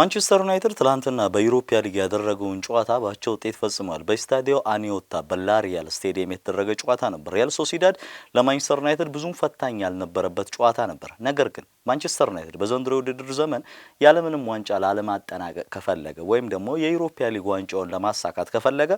ማንቸስተር ዩናይትድ ትላንትና በዩሮፒያ ሊግ ያደረገውን ጨዋታ ባቸው ውጤት ፈጽሟል። በስታዲዮ አኒዮታ በላሪያል ስቴዲየም የተደረገ ጨዋታ ነበር። ሪያል ሶሲዳድ ለማንቸስተር ዩናይትድ ብዙም ፈታኝ ያልነበረበት ጨዋታ ነበር። ነገር ግን ማንቸስተር ዩናይትድ በዘንድሮ የውድድር ዘመን ያለምንም ዋንጫ ላለማጠናቀቅ ከፈለገ ወይም ደግሞ የዩሮፒያ ሊግ ዋንጫውን ለማሳካት ከፈለገ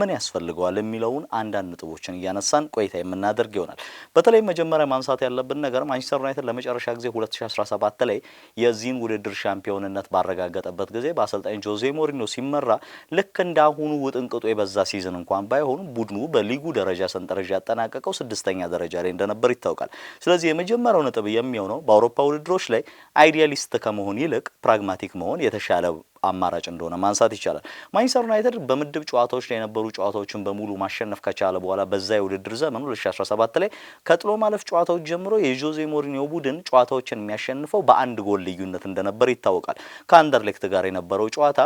ምን ያስፈልገዋል የሚለውን አንዳንድ ነጥቦችን እያነሳን ቆይታ የምናደርግ ይሆናል። በተለይ መጀመሪያ ማንሳት ያለብን ነገር ማንቸስተር ዩናይትድ ለመጨረሻ ጊዜ 2017 ላይ የዚህን ውድድር ሻምፒዮንነት ባረጋ በተረጋገጠበት ጊዜ በአሰልጣኝ ጆዜ ሞሪኖ ሲመራ ልክ እንዳሁኑ ውጥንቅጡ የበዛ ሲዝን እንኳን ባይሆኑ ቡድኑ በሊጉ ደረጃ ሰንጠረዥ ያጠናቀቀው ስድስተኛ ደረጃ ላይ እንደነበር ይታወቃል። ስለዚህ የመጀመሪያው ነጥብ የሚሆነው በአውሮፓ ውድድሮች ላይ አይዲያሊስት ከመሆን ይልቅ ፕራግማቲክ መሆን የተሻለ አማራጭ እንደሆነ ማንሳት ይቻላል። ማንቸስተር ዩናይትድ በምድብ ጨዋታዎች ላይ የነበሩ ጨዋታዎችን በሙሉ ማሸነፍ ከቻለ በኋላ በዛ የውድድር ዘመኑ 2017 ላይ ከጥሎ ማለፍ ጨዋታዎች ጀምሮ የጆዜ ሞሪኒዮ ቡድን ጨዋታዎችን የሚያሸንፈው በአንድ ጎል ልዩነት እንደነበር ይታወቃል። ከአንደርሌክት ጋር የነበረው ጨዋታ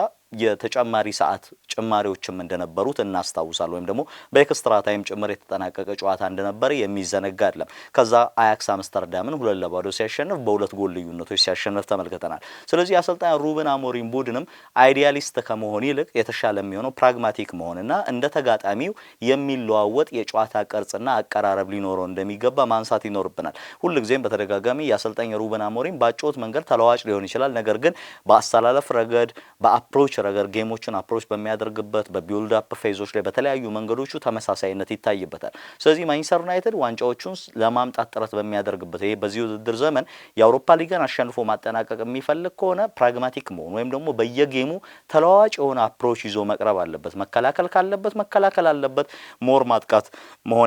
የተጨማሪ ሰዓት ጭማሪዎችም እንደነበሩት እናስታውሳል ወይም ደግሞ በኤክስትራ ታይም ጭምር የተጠናቀቀ ጨዋታ እንደነበረ የሚዘነጋ አይደለም። ከዛ አያክስ አምስተርዳምን ሁለት ለባዶ ሲያሸንፍ በሁለት ጎል ልዩነቶች ሲያሸንፍ ተመልክተናል። ስለዚህ አሰልጣኝ ሩበን አሞሪም ቡድንም አይዲያሊስት ከመሆን ይልቅ የተሻለ የሚሆነው ፕራግማቲክ መሆንና እንደ ተጋጣሚው የሚለዋወጥ የጨዋታ ቅርጽና አቀራረብ ሊኖረው እንደሚገባ ማንሳት ይኖርብናል። ሁልጊዜም በተደጋጋሚ የአሰልጣኝ ሩበን አሞሪም ባጮት መንገድ ተለዋጭ ሊሆን ይችላል። ነገር ግን በአሰላለፍ ረገድ በአፕሮች ረገድ ጌሞችን አፕሮች በሚያደርግበት በቢውልድ አፕ ፌዞች ላይ በተለያዩ መንገዶቹ ተመሳሳይነት ይታይበታል። ስለዚህ ማንቸስተር ዩናይትድ ዋንጫዎቹን ለማምጣት ጥረት በሚያደርግበት ይሄ በዚህ ውድድር ዘመን የአውሮፓ ሊጋን አሸንፎ ማጠናቀቅ የሚፈልግ ከሆነ ፕራግማቲክ መሆን ወይም ደግሞ በየጌሙ ተለዋዋጭ የሆነ አፕሮች ይዞ መቅረብ አለበት። መከላከል ካለበት መከላከል አለበት። ሞር ማጥቃት መሆን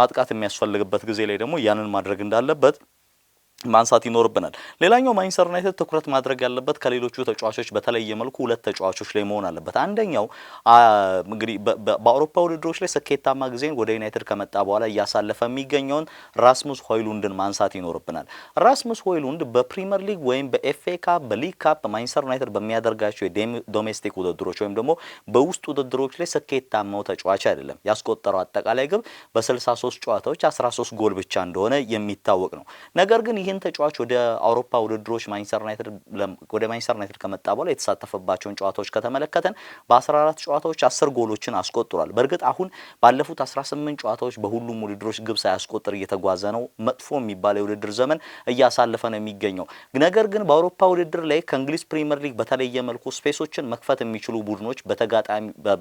ማጥቃት የሚያስፈልግበት ጊዜ ላይ ደግሞ ያንን ማድረግ እንዳለበት ማንሳት ይኖርብናል። ሌላኛው ማንችስተር ዩናይትድ ትኩረት ማድረግ ያለበት ከሌሎቹ ተጫዋቾች በተለየ መልኩ ሁለት ተጫዋቾች ላይ መሆን አለበት። አንደኛው እንግዲህ በአውሮፓ ውድድሮች ላይ ስኬታማ ጊዜን ወደ ዩናይትድ ከመጣ በኋላ እያሳለፈ የሚገኘውን ራስሙስ ሆይሉንድን ማንሳት ይኖርብናል። ራስሙስ ሆይሉንድ በፕሪምየር ሊግ ወይም በኤፍኤ ካፕ፣ በሊግ ካፕ ማንችስተር ዩናይትድ በሚያደርጋቸው የዶሜስቲክ ውድድሮች ወይም ደግሞ በውስጥ ውድድሮች ላይ ስኬታማው ተጫዋች አይደለም። ያስቆጠረው አጠቃላይ ግብ በ63 ጨዋታዎች 13 ጎል ብቻ እንደሆነ የሚታወቅ ነው። ነገር ግን ይህን ተጫዋች ወደ አውሮፓ ውድድሮች ማንቸስተር ዩናይትድ ወደ ማንቸስተር ዩናይትድ ከመጣ በኋላ የተሳተፈባቸውን ጨዋታዎች ከተመለከተን በ14 ጨዋታዎች 10 ጎሎችን አስቆጥሯል። በእርግጥ አሁን ባለፉት 18 ጨዋታዎች በሁሉም ውድድሮች ግብ ሳያስቆጥር እየተጓዘ ነው። መጥፎ የሚባለ የውድድር ዘመን እያሳለፈ ነው የሚገኘው። ነገር ግን በአውሮፓ ውድድር ላይ ከእንግሊዝ ፕሪምየር ሊግ በተለየ መልኩ ስፔሶችን መክፈት የሚችሉ ቡድኖች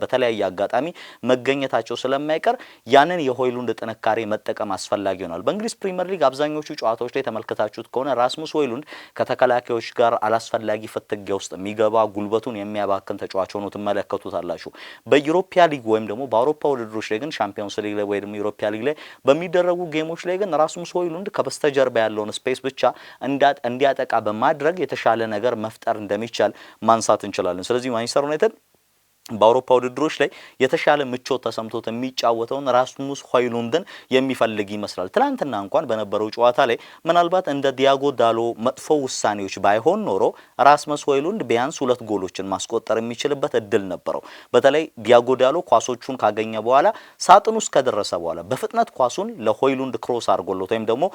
በተለያየ አጋጣሚ መገኘታቸው ስለማይቀር ያንን የሆይሉንድ ጥንካሬ መጠቀም አስፈላጊ ይሆናል። በእንግሊዝ ፕሪምየር ሊግ አብዛኞቹ ጨዋታዎች ላይ ተመልከተ ተመልክታችሁት ከሆነ ራስሙስ ሆይሉንድ ከተከላካዮች ጋር አላስፈላጊ ፍትጊያ ውስጥ የሚገባ ጉልበቱን የሚያባክን ተጫዋች ሆኖ ትመለከቱታላችሁ። በዩሮፒያ ሊግ ወይም ደግሞ በአውሮፓ ውድድሮች ላይ ግን ሻምፒዮንስ ሊግ ላይ ወይ ደግሞ ሊግ ላይ በሚደረጉ ጌሞች ላይ ግን ራስሙስ ሆይሉንድ ከበስተጀርባ ያለውን ስፔስ ብቻ እንዲያጠቃ በማድረግ የተሻለ ነገር መፍጠር እንደሚቻል ማንሳት እንችላለን። ስለዚህ ማንቸስተር ዩናይትድ በአውሮፓ ውድድሮች ላይ የተሻለ ምቾት ተሰምቶት የሚጫወተውን ራስሙስ ሆይሉንድን የሚፈልግ ይመስላል። ትናንትና እንኳን በነበረው ጨዋታ ላይ ምናልባት እንደ ዲያጎ ዳሎ መጥፎ ውሳኔዎች ባይሆን ኖሮ ራስመስ ሆይሉንድ ቢያንስ ሁለት ጎሎችን ማስቆጠር የሚችልበት እድል ነበረው። በተለይ ዲያጎ ዳሎ ኳሶቹን ካገኘ በኋላ ሳጥን ውስጥ ከደረሰ በኋላ በፍጥነት ኳሱን ለሆይሉንድ ክሮስ አድርጎለት ወይም ደግሞ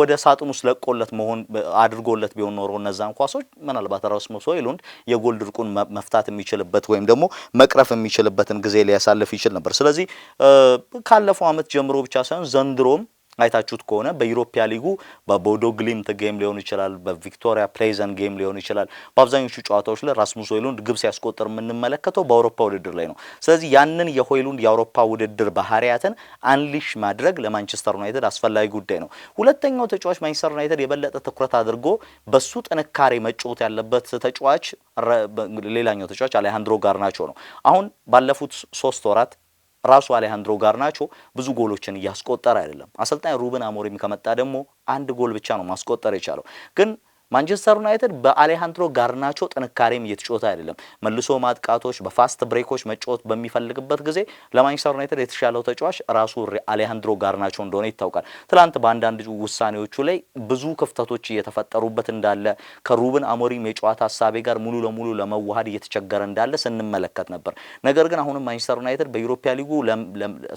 ወደ ሳጥን ውስጥ ለቆለት መሆን አድርጎለት ቢሆን ኖሮ እነዛን ኳሶች ምናልባት ራስመስ ሆይሉንድ የጎል ድርቁን መፍታት የሚችልበት ወይም ደግሞ መቅረፍ የሚችልበትን ጊዜ ሊያሳልፍ ይችል ነበር። ስለዚህ ካለፈው ዓመት ጀምሮ ብቻ ሳይሆን ዘንድሮም አይታችሁት ከሆነ በዩሮፒያ ሊጉ በቦዶ ግሊምት ጌም ሊሆን ይችላል፣ በቪክቶሪያ ፕሌዘን ጌም ሊሆን ይችላል። በአብዛኞቹ ጨዋታዎች ላይ ራስሙስ ሆይሉንድ ግብ ሲያስቆጥር የምንመለከተው በአውሮፓ ውድድር ላይ ነው። ስለዚህ ያንን የሆይሉንድ የአውሮፓ ውድድር ባህሪያትን አንሊሽ ማድረግ ለማንቸስተር ዩናይትድ አስፈላጊ ጉዳይ ነው። ሁለተኛው ተጫዋች ማንቸስተር ዩናይትድ የበለጠ ትኩረት አድርጎ በሱ ጥንካሬ መጫወት ያለበት ተጫዋች ሌላኛው ተጫዋች አሌሃንድሮ ጋርናቾ ነው። አሁን ባለፉት ሶስት ወራት ራሱ አሌሃንድሮ ጋርናቾ ብዙ ጎሎችን እያስቆጠረ አይደለም። አሰልጣኝ ሩበን አሞሪም ከመጣ ደግሞ አንድ ጎል ብቻ ነው ማስቆጠር የቻለው ግን ማንቸስተር ዩናይትድ በአሌሃንድሮ ጋርናቾ ጥንካሬም እየተጫወተ አይደለም። መልሶ ማጥቃቶች፣ በፋስት ብሬኮች መጫወት በሚፈልግበት ጊዜ ለማንቸስተር ዩናይትድ የተሻለው ተጫዋች ራሱ አሌሃንድሮ ጋርናቾ እንደሆነ ይታወቃል። ትላንት በአንዳንድ ውሳኔዎቹ ላይ ብዙ ክፍተቶች እየተፈጠሩበት እንዳለ ከሩብን አሞሪም የጨዋታ ሀሳቤ ጋር ሙሉ ለሙሉ ለመዋሃድ እየተቸገረ እንዳለ ስንመለከት ነበር። ነገር ግን አሁንም ማንቸስተር ዩናይትድ በዩሮፒያ ሊጉ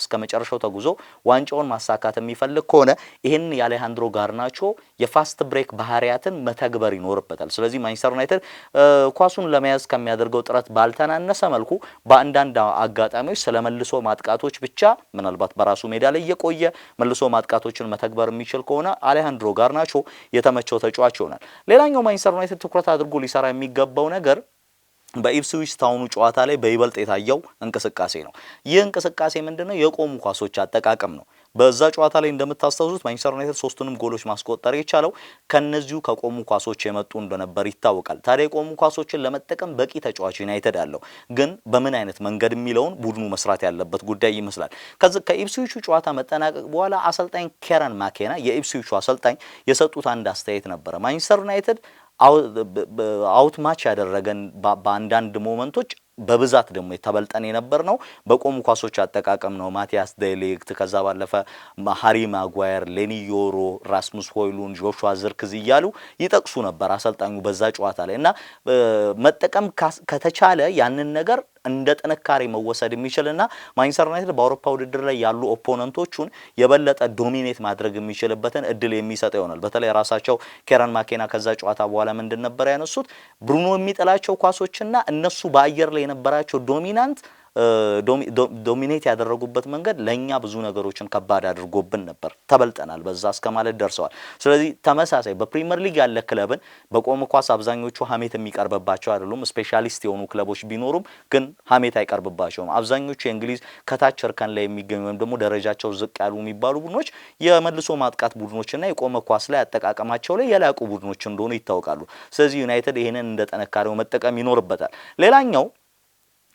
እስከ መጨረሻው ተጉዞ ዋንጫውን ማሳካት የሚፈልግ ከሆነ ይህን የአሌሃንድሮ ጋርናቾ የፋስት ብሬክ ባህሪያትን መተ መተግበር ይኖርበታል። ስለዚህ ማንቸስተር ዩናይትድ ኳሱን ለመያዝ ከሚያደርገው ጥረት ባልተናነሰ መልኩ በአንዳንድ አጋጣሚዎች ስለ መልሶ ማጥቃቶች ብቻ ምናልባት በራሱ ሜዳ ላይ የቆየ መልሶ ማጥቃቶችን መተግበር የሚችል ከሆነ አሌሃንድሮ ጋርናቾ የተመቸው ተጫዋች ይሆናል። ሌላኛው ማንቸስተር ዩናይትድ ትኩረት አድርጎ ሊሰራ የሚገባው ነገር በኢፕስዊች ታውኑ ጨዋታ ላይ በይበልጥ የታየው እንቅስቃሴ ነው። ይህ እንቅስቃሴ ምንድነው? የቆሙ ኳሶች አጠቃቀም ነው። በዛ ጨዋታ ላይ እንደምታስታውሱት ማንቸስተር ዩናይትድ ሶስቱንም ጎሎች ማስቆጠር የቻለው ከነዚሁ ከቆሙ ኳሶች የመጡ እንደነበር ይታወቃል። ታዲያ የቆሙ ኳሶችን ለመጠቀም በቂ ተጫዋች ዩናይትድ አለው፣ ግን በምን አይነት መንገድ የሚለውን ቡድኑ መስራት ያለበት ጉዳይ ይመስላል። ከኢፕስዊቹ ጨዋታ መጠናቀቅ በኋላ አሰልጣኝ ኬረን ማኬና የኢፕስዊቹ አሰልጣኝ የሰጡት አንድ አስተያየት ነበረ። ማንቸስተር ዩናይትድ አውት ማች ያደረገን በአንዳንድ ሞመንቶች በብዛት ደግሞ የተበልጠን የነበር ነው በቆሙ ኳሶች አጠቃቀም ነው። ማቲያስ ደሌክት፣ ከዛ ባለፈ ሃሪ ማጓየር፣ ሌኒዮሮ፣ ራስሙስ ሆይሉን፣ ጆሹዋ ዝርክዝ እያሉ ይጠቅሱ ነበር አሰልጣኙ በዛ ጨዋታ ላይ እና መጠቀም ከተቻለ ያንን ነገር እንደ ጥንካሬ መወሰድ የሚችልና ማንቸስተር ዩናይትድ በአውሮፓ ውድድር ላይ ያሉ ኦፖነንቶቹን የበለጠ ዶሚኔት ማድረግ የሚችልበትን እድል የሚሰጥ ይሆናል። በተለይ ራሳቸው ኬረን ማኬና ከዛ ጨዋታ በኋላ ምንድን ነበር ያነሱት? ብሩኖ የሚጥላቸው ኳሶችና እነሱ በአየር ላይ የነበራቸው ዶሚናንት ዶሚኔት ያደረጉበት መንገድ ለእኛ ብዙ ነገሮችን ከባድ አድርጎብን ነበር። ተበልጠናል፣ በዛ እስከ ማለት ደርሰዋል። ስለዚህ ተመሳሳይ በፕሪምየር ሊግ ያለ ክለብን በቆመ ኳስ አብዛኞቹ ሀሜት የሚቀርብባቸው አይደሉም። ስፔሻሊስት የሆኑ ክለቦች ቢኖሩም ግን ሀሜት አይቀርብባቸውም። አብዛኞቹ የእንግሊዝ ከታች እርከን ላይ የሚገኙ ወይም ደግሞ ደረጃቸው ዝቅ ያሉ የሚባሉ ቡድኖች የመልሶ ማጥቃት ቡድኖችና የቆመ ኳስ ላይ አጠቃቀማቸው ላይ የላቁ ቡድኖች እንደሆኑ ይታወቃሉ። ስለዚህ ዩናይትድ ይህንን እንደ ጥንካሬው መጠቀም ይኖርበታል። ሌላኛው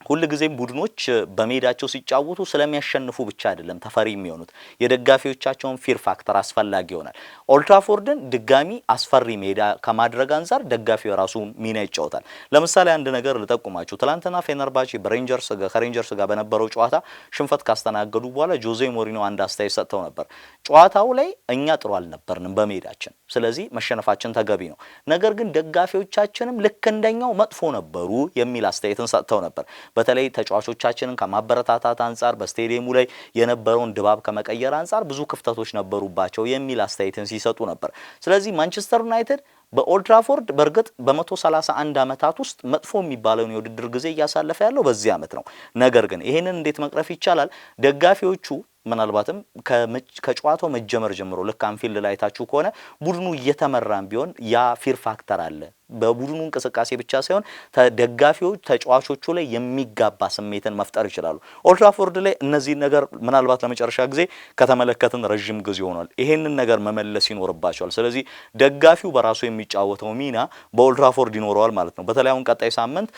ሁልጊዜም ቡድኖች በሜዳቸው ሲጫወቱ ስለሚያሸንፉ ብቻ አይደለም ተፈሪ የሚሆኑት የደጋፊዎቻቸውን ፊር ፋክተር አስፈላጊ ይሆናል። ኦልትራፎርድን ድጋሚ አስፈሪ ሜዳ ከማድረግ አንጻር ደጋፊው የራሱ ሚና ይጫወታል። ለምሳሌ አንድ ነገር ልጠቁማችሁ። ትላንትና ፌነርባቼ በሬንጀርስ ከሬንጀርስ ጋር በነበረው ጨዋታ ሽንፈት ካስተናገዱ በኋላ ጆዜ ሞሪኖ አንድ አስተያየት ሰጥተው ነበር። ጨዋታው ላይ እኛ ጥሩ አልነበርንም በሜዳችን ስለዚህ መሸነፋችን ተገቢ ነው። ነገር ግን ደጋፊዎቻችንም ልክ እንደኛው መጥፎ ነበሩ የሚል አስተያየትን ሰጥተው ነበር። በተለይ ተጫዋቾቻችንን ከማበረታታት አንጻር፣ በስቴዲየሙ ላይ የነበረውን ድባብ ከመቀየር አንጻር ብዙ ክፍተቶች ነበሩባቸው የሚል አስተያየትን ሲሰጡ ነበር። ስለዚህ ማንቸስተር ዩናይትድ በኦልድራፎርድ በእርግጥ በ131 ዓመታት ውስጥ መጥፎ የሚባለውን የውድድር ጊዜ እያሳለፈ ያለው በዚህ ዓመት ነው። ነገር ግን ይህንን እንዴት መቅረፍ ይቻላል? ደጋፊዎቹ ምናልባትም ከጨዋቶ መጀመር ጀምሮ ልክ አንፊልድ ላይ ታችሁ ከሆነ ቡድኑ እየተመራም ቢሆን ያ ፊር ፋክተር አለ በቡድኑ እንቅስቃሴ ብቻ ሳይሆን ደጋፊዎች ተጫዋቾቹ ላይ የሚጋባ ስሜትን መፍጠር ይችላሉ። ኦልትራፎርድ ላይ እነዚህ ነገር ምናልባት ለመጨረሻ ጊዜ ከተመለከትን ረዥም ጊዜ ሆኗል። ይሄንን ነገር መመለስ ይኖርባቸዋል። ስለዚህ ደጋፊው በራሱ የሚጫወተው ሚና በኦልትራፎርድ ይኖረዋል ማለት ነው። በተለይ አሁን ቀጣይ ሳምንት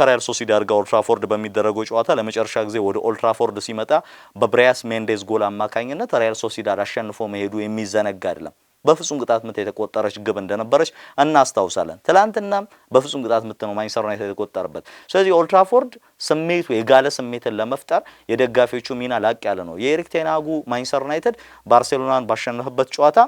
ከሪያል ሶሲዳድ ጋር ኦልትራፎርድ በሚደረገው ጨዋታ ለመጨረሻ ጊዜ ወደ ኦልትራፎርድ ሲመጣ በብሪያስ ሜንዴዝ ጎል አማካኝነት ሪያል ሶሲዳድ አሸንፎ መሄዱ የሚዘነጋ አይደለም። በፍጹም ቅጣት ምት የተቆጠረች ግብ እንደነበረች እናስታውሳለን። ትላንትናም በፍጹም ቅጣት ምት ነው ማንችስተር ዩናይትድ የተቆጠረበት። ስለዚህ ኦልትራፎርድ ስሜቱ የጋለ ስሜትን ለመፍጠር የደጋፊዎቹ ሚና ላቅ ያለ ነው። የኤሪክ ቴናጉ ማንችስተር ዩናይትድ ባርሴሎናን ባሸነፈበት ጨዋታ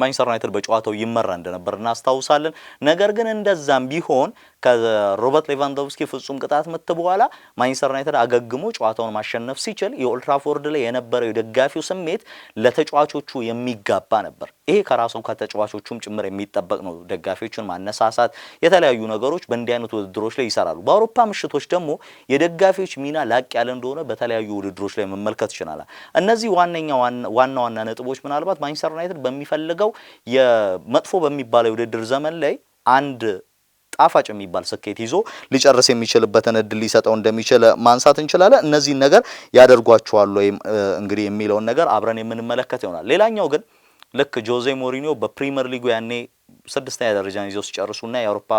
ማንቸስተር ዩናይትድ በጨዋታው ይመራ እንደነበር እናስታውሳለን። ነገር ግን እንደዛም ቢሆን ከሮበርት ሌቫንዶቭስኪ ፍጹም ቅጣት ምት በኋላ ማንቸስተር ዩናይትድ አገግሞ ጨዋታውን ማሸነፍ ሲችል የኦልትራፎርድ ላይ የነበረው የደጋፊው ስሜት ለተጫዋቾቹ የሚጋባ ነበር። ይሄ ከራሱ ከተጫዋቾቹም ጭምር የሚጠበቅ ነው። ደጋፊዎቹን ማነሳሳት፣ የተለያዩ ነገሮች በእንዲህ አይነት ውድድሮች ላይ ይሰራሉ። በአውሮፓ ምሽቶች ደግሞ የደጋፊዎች ሚና ላቅ ያለ እንደሆነ በተለያዩ ውድድሮች ላይ መመልከት ይችላል። እነዚህ ዋነኛ ዋና ዋና ነጥቦች ምናልባት ማንቸስተር ዩናይትድ በሚፈልግ የሚያደርገው የመጥፎ በሚባለው የውድድር ዘመን ላይ አንድ ጣፋጭ የሚባል ስኬት ይዞ ሊጨርስ የሚችልበትን እድል ሊሰጠው እንደሚችል ማንሳት እንችላለን። እነዚህን ነገር ያደርጓቸዋል ወይም እንግዲህ የሚለውን ነገር አብረን የምንመለከት ይሆናል። ሌላኛው ግን ልክ ጆዜ ሞሪኒዮ በፕሪምየር ሊጉ ያኔ ስድስተኛ ደረጃን ይዘው ሲጨርሱና የአውሮፓ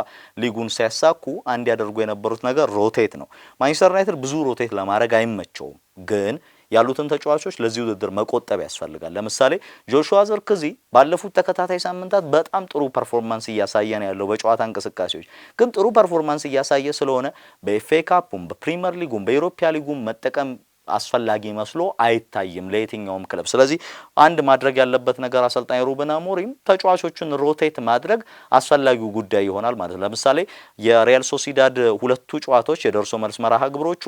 ሊጉን ሲያሳኩ አንድ ያደርጉ የነበሩት ነገር ሮቴት ነው። ማንቸስተር ዩናይትድ ብዙ ሮቴት ለማድረግ አይመቸውም ግን ያሉትን ተጫዋቾች ለዚህ ውድድር መቆጠብ ያስፈልጋል። ለምሳሌ ጆሹዋ ዝርክዚ ባለፉት ተከታታይ ሳምንታት በጣም ጥሩ ፐርፎርማንስ እያሳየ ነው ያለው በጨዋታ እንቅስቃሴዎች። ግን ጥሩ ፐርፎርማንስ እያሳየ ስለሆነ በኤፍኤ ካፑም በፕሪሚየር ሊጉም በኤሮፓ ሊጉም መጠቀም አስፈላጊ መስሎ አይታይም ለየትኛውም ክለብ። ስለዚህ አንድ ማድረግ ያለበት ነገር አሰልጣኝ ሩበን አሞሪም ተጫዋቾቹን ሮቴት ማድረግ አስፈላጊው ጉዳይ ይሆናል ማለት ነው። ለምሳሌ የሪያል ሶሲዳድ ሁለቱ ጨዋታዎች የደርሶ መልስ መርሃ ግብሮቹ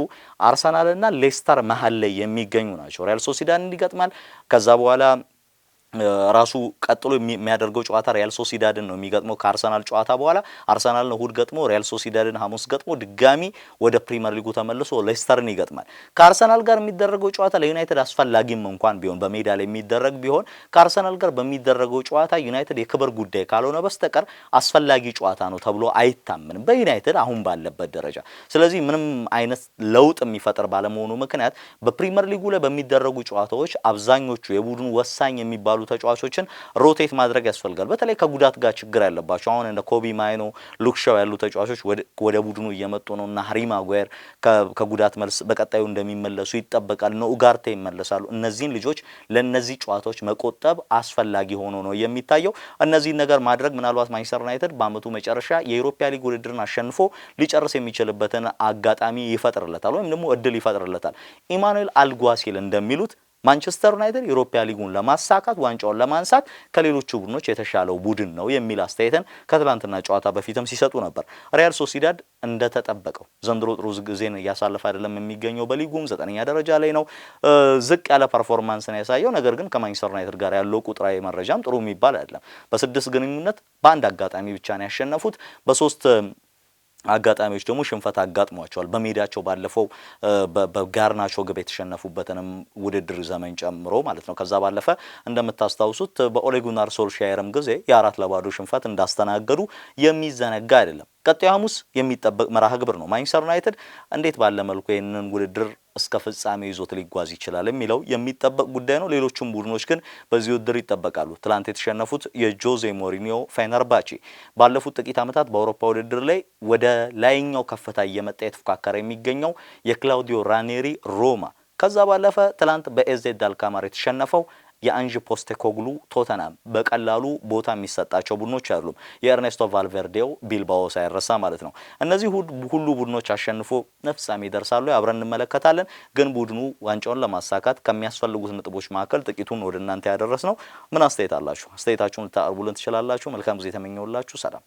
አርሰናልና ሌስተር መሀል ላይ የሚገኙ ናቸው። ሪያል ሶሲዳድ እንዲገጥማል ከዛ በኋላ ራሱ ቀጥሎ የሚያደርገው ጨዋታ ሪያል ሶሲዳድን ነው የሚገጥመው ከአርሰናል ጨዋታ በኋላ አርሰናል እሁድ ገጥሞ ሪያል ሶሲዳድን ሐሙስ ገጥሞ ድጋሚ ወደ ፕሪመር ሊጉ ተመልሶ ሌስተርን ይገጥማል። ከአርሰናል ጋር የሚደረገው ጨዋታ ለዩናይትድ አስፈላጊም እንኳን ቢሆን በሜዳ ላይ የሚደረግ ቢሆን ከአርሰናል ጋር በሚደረገው ጨዋታ ዩናይትድ የክብር ጉዳይ ካልሆነ በስተቀር አስፈላጊ ጨዋታ ነው ተብሎ አይታምንም በዩናይትድ አሁን ባለበት ደረጃ። ስለዚህ ምንም አይነት ለውጥ የሚፈጥር ባለመሆኑ ምክንያት በፕሪሚየር ሊጉ ላይ በሚደረጉ ጨዋታዎች አብዛኞቹ የቡድኑ ወሳኝ የሚባሉ ያሉ ተጫዋቾችን ሮቴት ማድረግ ያስፈልጋል። በተለይ ከጉዳት ጋር ችግር ያለባቸው አሁን እንደ ኮቢ ማይኖ፣ ሉክሻው ያሉ ተጫዋቾች ወደ ቡድኑ እየመጡ ነው እና ሃሪ ማጓየር ከጉዳት መልስ በቀጣዩ እንደሚመለሱ ይጠበቃል። ነው ኡጋርቴ ይመለሳሉ። እነዚህን ልጆች ለእነዚህ ጨዋታዎች መቆጠብ አስፈላጊ ሆኖ ነው የሚታየው። እነዚህን ነገር ማድረግ ምናልባት ማንቸስተር ዩናይትድ በአመቱ መጨረሻ የኢሮፓ ሊግ ውድድርን አሸንፎ ሊጨርስ የሚችልበትን አጋጣሚ ይፈጥርለታል ወይም ደግሞ እድል ይፈጥርለታል። ኢማኑኤል አልጓሲል እንደሚሉት ማንቸስተር ዩናይትድ ዩሮፓ ሊጉን ለማሳካት ዋንጫውን ለማንሳት ከሌሎቹ ቡድኖች የተሻለው ቡድን ነው የሚል አስተያየትን ከትላንትና ጨዋታ በፊትም ሲሰጡ ነበር። ሪያል ሶሲዳድ እንደተጠበቀው ዘንድሮ ጥሩ ጊዜን እያሳለፈ አይደለም የሚገኘው። በሊጉም ዘጠነኛ ደረጃ ላይ ነው። ዝቅ ያለ ፐርፎርማንስ ያሳየው። ነገር ግን ከማንቸስተር ዩናይትድ ጋር ያለው ቁጥራዊ መረጃም ጥሩ የሚባል አይደለም። በስድስት ግንኙነት በአንድ አጋጣሚ ብቻ ነው ያሸነፉት በሶስት አጋጣሚዎች ደግሞ ሽንፈት አጋጥሟቸዋል። በሜዳቸው ባለፈው በጋርናቾ ግብ የተሸነፉበትንም ውድድር ዘመን ጨምሮ ማለት ነው። ከዛ ባለፈ እንደምታስታውሱት በኦሌጉናር ሶልሻየርም ጊዜ የአራት ለባዶ ሽንፈት እንዳስተናገዱ የሚዘነጋ አይደለም። ቀጣዩ ሐሙስ የሚጠበቅ መርሃ ግብር ነው። ማንቸስተር ዩናይትድ እንዴት ባለ መልኩ ይህንን ውድድር እስከ ፍጻሜ ይዞት ሊጓዝ ይችላል የሚለው የሚጠበቅ ጉዳይ ነው። ሌሎቹም ቡድኖች ግን በዚህ ውድድር ይጠበቃሉ። ትላንት የተሸነፉት የጆዜ ሞሪኒዮ ፌነርባቺ ባለፉት ጥቂት ዓመታት በአውሮፓ ውድድር ላይ ወደ ላይኛው ከፍታ እየመጣ የተፎካከረ የሚገኘው የክላውዲዮ ራኔሪ ሮማ ከዛ ባለፈ ትላንት በኤዜድ አልካማር የተሸነፈው የአንዥ ፖስቴኮግሉ ቶተናም በቀላሉ ቦታ የሚሰጣቸው ቡድኖች አይደሉም። የኤርኔስቶ ቫልቨርዴው ቢልባኦ ሳይረሳ ማለት ነው። እነዚህ ሁሉ ቡድኖች አሸንፎ ነፍሳም ይደርሳሉ፣ አብረን እንመለከታለን። ግን ቡድኑ ዋንጫውን ለማሳካት ከሚያስፈልጉት ነጥቦች መካከል ጥቂቱን ወደ እናንተ ያደረስ ነው። ምን አስተያየት አላችሁ? አስተያየታችሁን ልታቀርቡልን ትችላላችሁ። መልካም ጊዜ የተመኘውላችሁ። ሰላም